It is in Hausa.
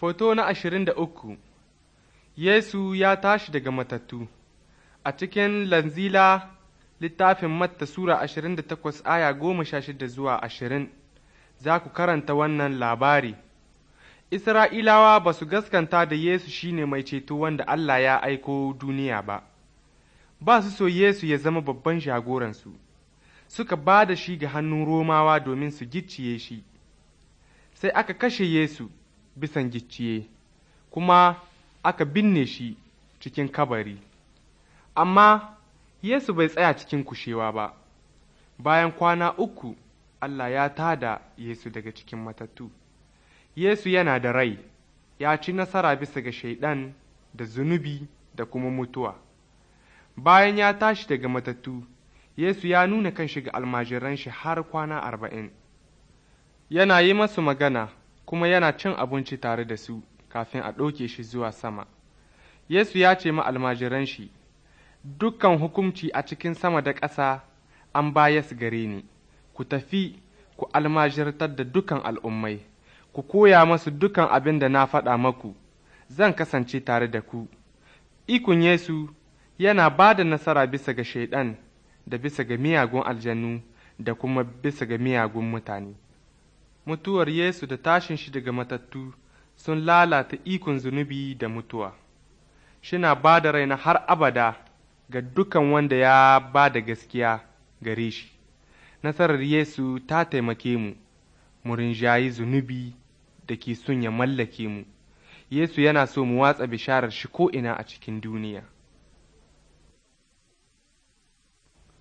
Foto na ashirin da uku Yesu ya tashi daga matattu A cikin lanzila littafin Matta Sura ashirin da takwas aya goma sha shida zuwa ashirin za ku karanta wannan labari. Isra'ilawa ba su gaskanta da Yesu shi ne mai ceto wanda Allah ya aiko duniya ba, ba su so Yesu ya zama babban jagoransu, suka ba da shi ga hannun Romawa domin su gicciye shi, sai aka kashe Yesu. bisan gicciye kuma aka binne shi cikin kabari amma Yesu bai tsaya cikin kushewa ba bayan kwana uku Allah ya tada Yesu daga cikin matattu Yesu yana da rai ya ci nasara bisa ga shaidan da zunubi da kuma mutuwa bayan ya tashi daga matattu Yesu ya nuna kan shi ga almajiran shi har kwana arba'in yana yi masu magana kuma yana cin abinci tare da su kafin a ɗauke shi zuwa sama. Yesu ya ce ma almajiran shi, Dukkan hukumci a cikin sama da ƙasa an bayas gare ni, ku tafi ku almajirtar da dukan al'ummai, ku koya masu dukan abin da na faɗa maku, zan kasance tare da ku. Ikon Yesu yana ba da nasara bisa ga Shaiɗan da bisa ga miyagun aljanu da kuma bisa ga miyagun mutane. mutuwar Yesu da tashin shi daga matattu sun lalata ikon zunubi da mutuwa, shina ba da raina har abada ga dukan wanda ya ba da gaskiya gare shi. Nasarar Yesu ta taimake mu, mu rinjayi zunubi da ke son ya mallake mu. Yesu yana so mu watsa bisharar shi ko'ina a cikin duniya.